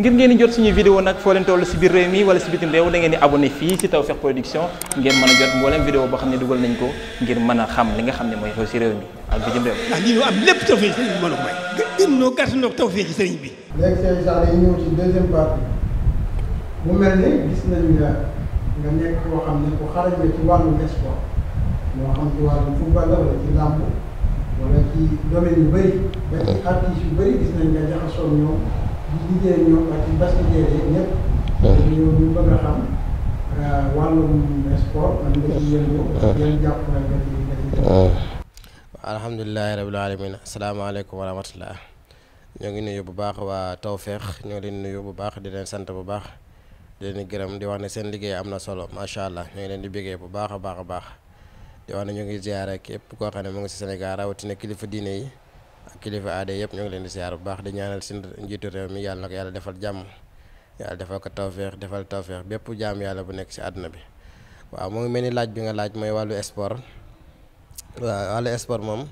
ngir ngeen di jot suñu vidéo nag foo leen toll si biir réew mi wala si bitim réew da di abonné fii si Tawfekh Production ngeen mën a jot mboolem vidéo boo xam ne dugal nañ ko ngir mën a xam li nga xam ne mooy xew si réew mi ak bitim réew. ndax lii ñu am lépp Tawfekh sëriñ bi a may. sax dañuy ñëw ci deuxième partie mu mel ne gis nañu la nga nekk koo xam ne ku xarañ la ci wàllum sport moo xam ci wàllum football la wala ci làmb wala ci domaine yu bëri ba ci artistes yu bëri gis nañ nga jaxasoo ñoom di liggéey ñoom ak ci bas liggéey ñëpp. ñu ñu bëgg a xam euh, wàllum sport man ah. nga ci yëngu. Ah. ñoo ngi nuyu bu baax waa Tawfekh ñoo leen nuyu bu baax di leen sant bu baax di leen gërëm di wax ne seen liggéey am na solo macha allah ñoo ngi leen di bëggee bu baax a baax a baax di wax ne ñu ngi ziare képp koo xam ne mu ngi si Sénégal rawatina kilifa diine yi. kilifa aada yëpp ñoo ngi leen di siyaar bu baax di ñaanal si njiitu réew mi yàlla na ko yàlla defal jàmm yàlla defal ko tawféex defal tawféex bépp jaam yàlla bu nekk ci àdduna bi waaw mu mel ni laaj bi nga laaj mooy wàllu sport waaw wàllu sport moom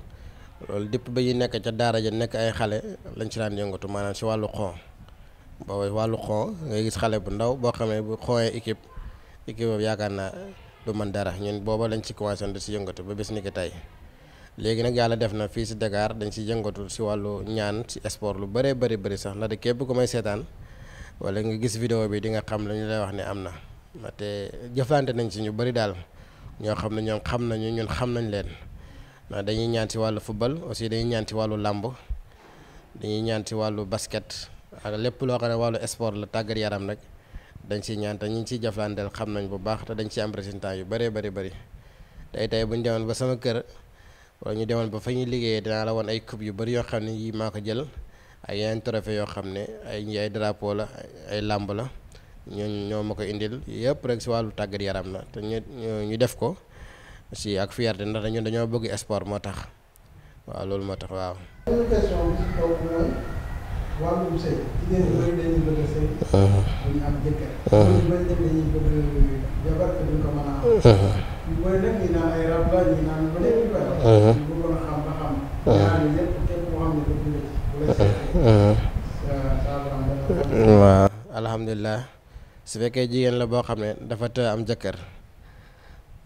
loolu dipp ba yi nekk ca daara ja nekk ay xale lañ si daan yëngatu maanaam si wàllu xon boobu wàllu xon ngay gis xale bu ndaw boo xamee bu xooyee équipe équipe boobu yaakaar naa du man dara ñun booba lañ si commencé si yëngatu ba bés ni ki tey léegi nag yàlla def na fii si Dakar dañ si yëngatu si wàllu ñaan si sport lu bëree bëri bëri sax ndax de képp ko may seetaan wala nga gis vidéo bi di nga xam nañu ñu lay wax ne am na te jëflante nañ si ñu bëri daal ñoo xam ne ñoom xam nañu ñun xam nañ leen ndax dañuy ñaan si wàllu football aussi dañuy ñaan si wàllu làmb dañuy ñaan si wàllu basket ak lépp loo xam ne wàllu sport la tàggat yaram rek dañ siy ñaan te ñu ngi jëflanteel xam nañ bu baax te dañ siy am résultat yu bëree bëri bëri wala ñu demoon ba fa ñu liggéeyee danaa la woon ay coupe yu bari yoo xam ne yii maa ko jël ay yeneen trophée yoo xam ne ay ay drapeau la ay làmb la ñoo ma ko indil yëpp rek si wàllu tàggat yaram la te ñu ñu def ko si ak fierté ndax ñun dañoo bëgg sport moo tax waaw loolu moo tax waaw. mooy nag ñu waaw alhamdulilah su fekkee jigéen la boo xam ne dafa të am jëkkër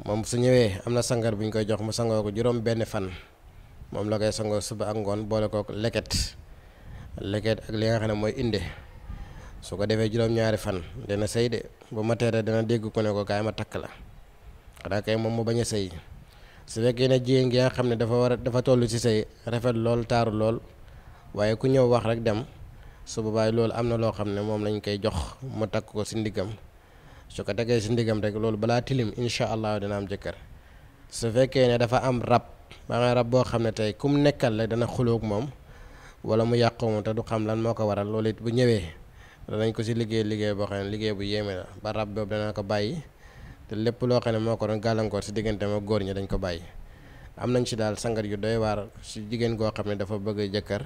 moom su ñëwee am na sangar bu ñu koy jox mu sangoo ko juróom benn fan moom la koy sangoo suba ak ngoon boole kook leket leket ak li nga xam ne mooy inde su ko defee juróom ñaari fan dina sëy de bu ma teeree dina dégg ku ne ko kaay ma takk la. xanaa kay moom mu bañ a sëy su fekkee ne jigéen gi nga xam ne dafa war a dafa toll ci sëy rafet lool taaru lool waaye ku ñëw wax rek dem su boobaa loolu am na loo xam ne moom lañ koy jox mu takk ko si ndiggam su ko tegee si ndiggam rek loolu balaa tilim incha allah dina am jëkkër su fekkee ne dafa am rab maanaam rab boo xam ne tey kum nekkal rek dana xuloog moom wala mu yàqu moom te du xam lan moo ko waral loolu it bu ñëwee nañ ko si liggéey liggéey boo xam ne liggéey bu yéeme la boobu dana ko bàyyi. te lépp loo xam ne moo ko doon gàllankoor si diggante ma góor ñi dañ ko bàyyi am nañ si daal sangat yu doy waar su jigéen goo xam ne dafa bëgg jëkkër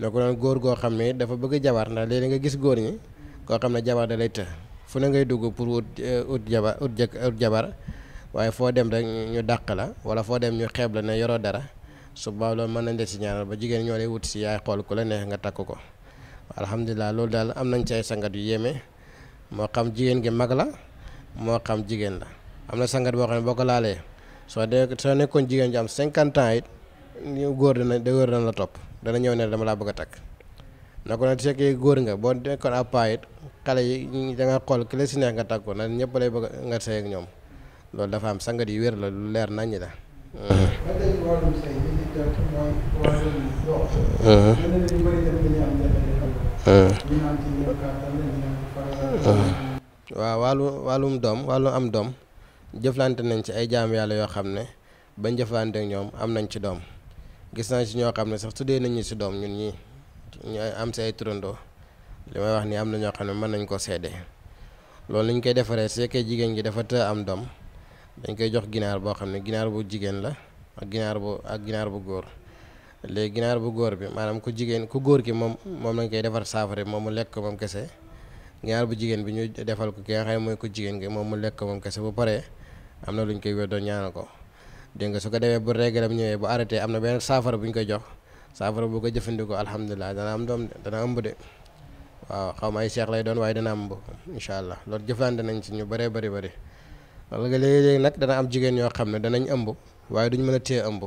na ko doon góor goo xam ne dafa bëgg jabar ndax léeg nga gis góor ñi koo xam ne jabar da lay të fu ne ngay dugg pour ut eh, ut jabar ut jëkk ut jabar waaye foo dem rek ñu dàq la wala foo dem ñu xeeb la ne yoroo dara su boobaa loolu mën nañ de si ñaanal ba jigéen ñoo lay wut si yaay xool ku la neex nga takk ko alhamdulilah loolu yu yéeme moo xam jigéen mag la moo xam jigéen la am na sangat boo xam ne boo ko laalee soo de soo nekkoon jigéen ju am cinquante ans it ñu góor dana góor dana la topp dana ñëw ne dama laa bëgg a takk na ko nag fekkee góor nga boo nekkoon ab paa it xale yi da xool ki si nga takku na ñëpp lay bëgg nga sëy ak ñoom loolu dafa am sangat yi wér la lu leer naññ la waaw wàllu wàllum doom wàllu am doom jëflante nañ ci ay jaam yàlla yoo xam ne bañ jëflante ñoom am nañ ci doom gis naa si ñoo xam ne sax tuddee nañ ñu si doom ñun ñi ñu am si ay turandoo li may wax ni am na ñoo xam ne mën nañ koo seede loolu lañ koy defaree su jigéen gi dafa të am doom dañ koy jox ginaar boo xam ne ginaar bu jigéen la ak ginaar bu ak ginaar bu góor léegi ginaar bu góor bi maanaam ku jigéen ku góor ki moom moom lañ koy defar saafara moom mu lekk ko moom kese ñaar bu jigéen bi ñu defal ko ki nga mooy ko jigéen gi moom mu lekk moom kese bu paree am na lu ñu koy weddoo ñaana ko dégg nga su ko defee bu régalam ñëwee bu arrêté am na benn saafara bu ñu koy jox saafara boo ko jëfandikoo alhamdulilah dana am doom dana ëmb de waaw xawma ma ay seex lay doon waaye dana ëmb incha allah loolu jëflante nañ ci ñu bëree bëri bëri loolu nga léegi-léegi nag dana am jigéen yoo xam ne danañ ëmb waaye duñ mën a téye ëmb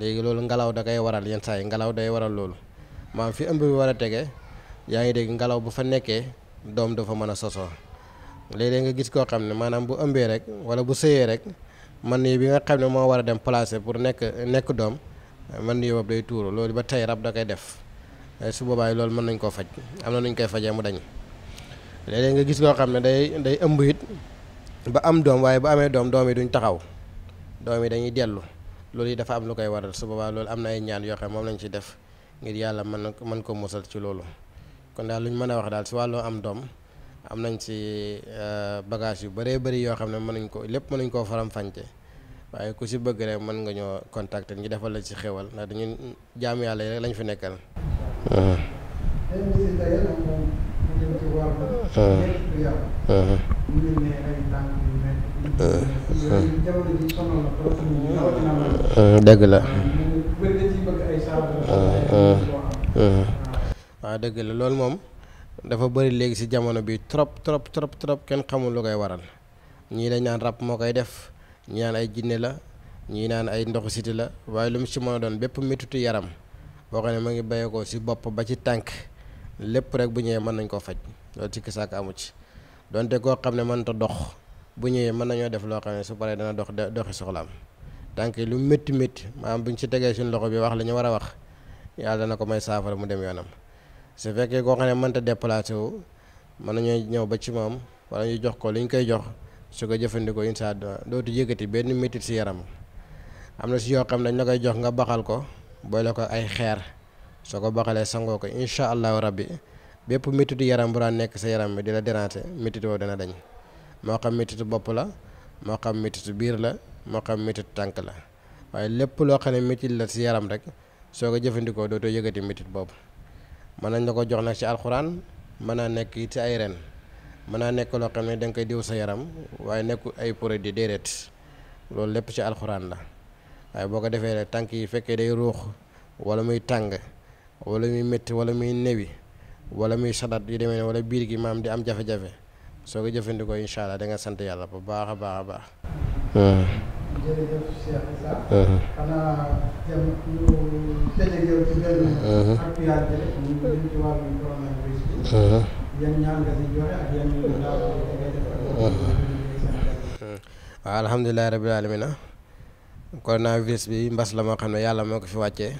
léegi loolu ngelaw da koy waral yenn saa yi ngelaw day waral loolu maam fi ëmb war a tege yaa ngi dégg ngelaw bu fa nekkee doom dafa mën a sosoo léeg nga gis koo xam ne maanaam bu ëmbee rek wala bu sëyee rek man nii bi nga xam ne moo war a dem placer pour nekk nekk doom man nii boobu day tuuru loolu ba tey rab da koy def eh, su boobaay loolu mën nañ koo faj am na nuñ koy fajee mu dañ léeg nga gis koo xam ne day day ëmb it ba am doom waaye bu amee doom doom yi duñ taxaw doom yi dañuy dellu loolu yi dafa am lu koy waral su boobaa loolu am na ay ñaan yoo xam moom lañ ci def ngir yàlla mën na mën ko musal ci loolu kon daal lu ñu mën a wax daal si wàllu am doom am nañ si euh, bagage yu bëree bëri yoo xam ne mën nañ ko lépp mën nañ koo faram-fàcce waaye ku si bëgg rek mën nga ñoo contacter ñu defal la si xéwal ndax dañu jaam yàlla yi rek lañ fi nekkal. dëgg la. waaw dëgg la loolu moom dafa bëri léegi si jamono bi trop trop trop trop kenn xamul lu koy waral ñii dañ naan rab moo koy def ñii naan ay jinne la ñii naan ay ndoxu siti la waaye lu mu si mën a doon bépp méttitu yaram boo xam ne ma ngi bàyyeekoo si bopp ba ci tànk lépp rek bu ñëwee mën nañ koo faj loolu ci kisaak amu ci donte koo xam ne mënta dox bu ñëwee mën nañoo def loo xam ne su paree dana dox doxi soxlaam tànk lu métti métti maanaam bu ñu ci tegee suñu loxo bi wax lañu war a wax yàlla na ko may saafara mu dem yoonam. su fekkee koo xam ne mënta déplacé wu mën nañoo ñëw ba ci moom walla ñu jox ko li ñu koy jox su ko jëfandikoo incha allah dootu yëkkati benn métit yaram am na si yoo xam ne dañ la koy jox nga baxal ko boole ay xeer soo ko baxalee sangoo ko incha allahu rabbi bépp métitu yaram bu raa nekk sa yaram bi di la déranger métit boobu dana dañ moo xam métitu bopp la moo xam métitu biir la moo xam métitu tànk la waaye lépp loo xam ne métit la si yaram rek soo ko jëfandikoo dootoo yëkkati métit boobu. mën nañ la ko jox nag ci alxuraan mën naa nekk ci ay ren mën naa nekk loo xam ne da nga koy diw sa yaram waaye nekku ay produit déedéet loolu lépp ci alxuraan la waaye boo ko defee rek tànk yi fekkee day ruux wala muy tàng wala muy métti wala muy newi wala muy sadat yu demee wala biir gi maam di am jafe-jafe soo ko jëfandikoo incha allah da nga sant yàlla bu baax a baax a baax. Hmm. jërëjëf Cheikh Issa. xanaa jëm ñu tëjee ak yow ci coronavirus bi. mbas la moo xam ne yàlla moo ko fi wàccee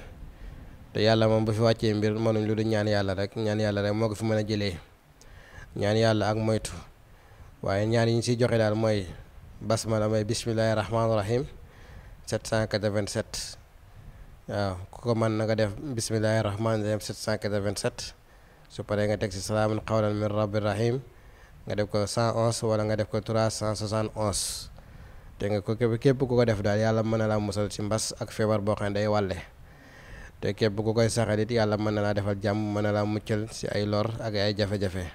te yàlla moom bu fi wàccee mbir mënuñ lu du ñaan yàlla rek ñaan yàlla rek moo ko fi mën a jëlee ñaan yàlla ak moytu waaye ñaan yi ñu siy joxe daal mooy. bas ma damay bisimilahi rahmaani rahim 787 waaw ku ko mën na ko def bisimilahi rahmaani rahim 787 su paree nga teg si salaamun qawlan min rabbi rahim nga def ko 111 wala nga def ko 371 te nga ko képp ku ko def daal yàlla mën na laa musal ci mbas ak feebar boo xam ne day wàlle te képp ku koy saxal it yàlla mën na laa defal jàmm mën na laa muccal si ay lor ak ay jafe-jafe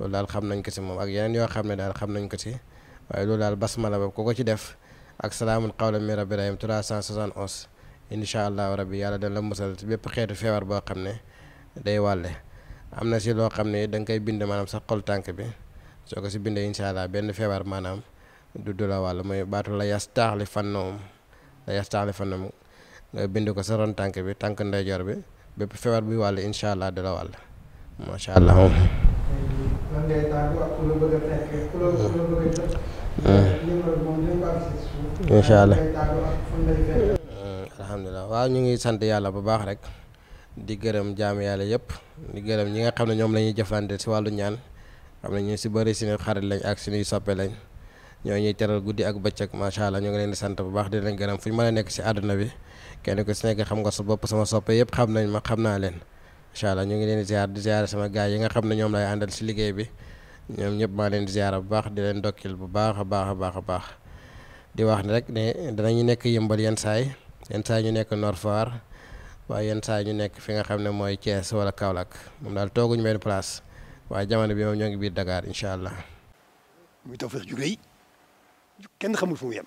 loolu daal xam nañ ko si moom ak yeneen yoo xam ne daal xam nañ ko si. waaye loolu daal basmala ba ku ko ci def ak salaamun qawlan min rabbi rahim 371 incha allahu rabbi yàlla dana la musal ci bépp xeetu feebar boo xam ne day wàlle am na si loo xam ne danga nga koy bind maanaam sa xol tànk bi soo ko si bindee incha allah benn feebar maanaam du du la wàll mooy baatu la yas taaxli fannoom la yas taaxli fannoom nga bind ko sa ron tànk bi tànk ndeyjoor bi bépp feebar buy wàll incha allah du la wàll allah. incha allah alhamdulilah waaw ñu ngi sant yàlla bu baax rek di gërëm jaam yàlla yëpp di gërëm ñi nga xam ne ñoom la ñuy jëflante si wàllu ñaan xam ne ñu si bëri suñu xarit lañ ak suñuy soppe lañ ñoo ñuy teral guddi ak bëccëg macha allah ñu ngi leen di sant bu baax di gërëm fu ñu mën a nekk si àdduna bi kenn ku si nekk xam nga su bopp sama soppe yëpp xam nañ ma xam naa leen incha allah ñu ngi leen di ziar di ziar sama gaay yi nga xam ne ñoom lay àndal si liggéey ñoom ñëpp maa leen ziyaara bu baax di leen dokkil bu baax a baax a baax a baax di wax ni rek ne danañu nekk yëmbal yenn saay yenn saay ñu nekk Nord Foire waaye yenn saay ñu nekk fi nga xam ne mooy Thiès wala Kaolack moom daal tooguñu benn place waaye jamono bi moom ñoo ngi biir dakaar incha allah. muy Tawfekh ju kenn xamul fu mu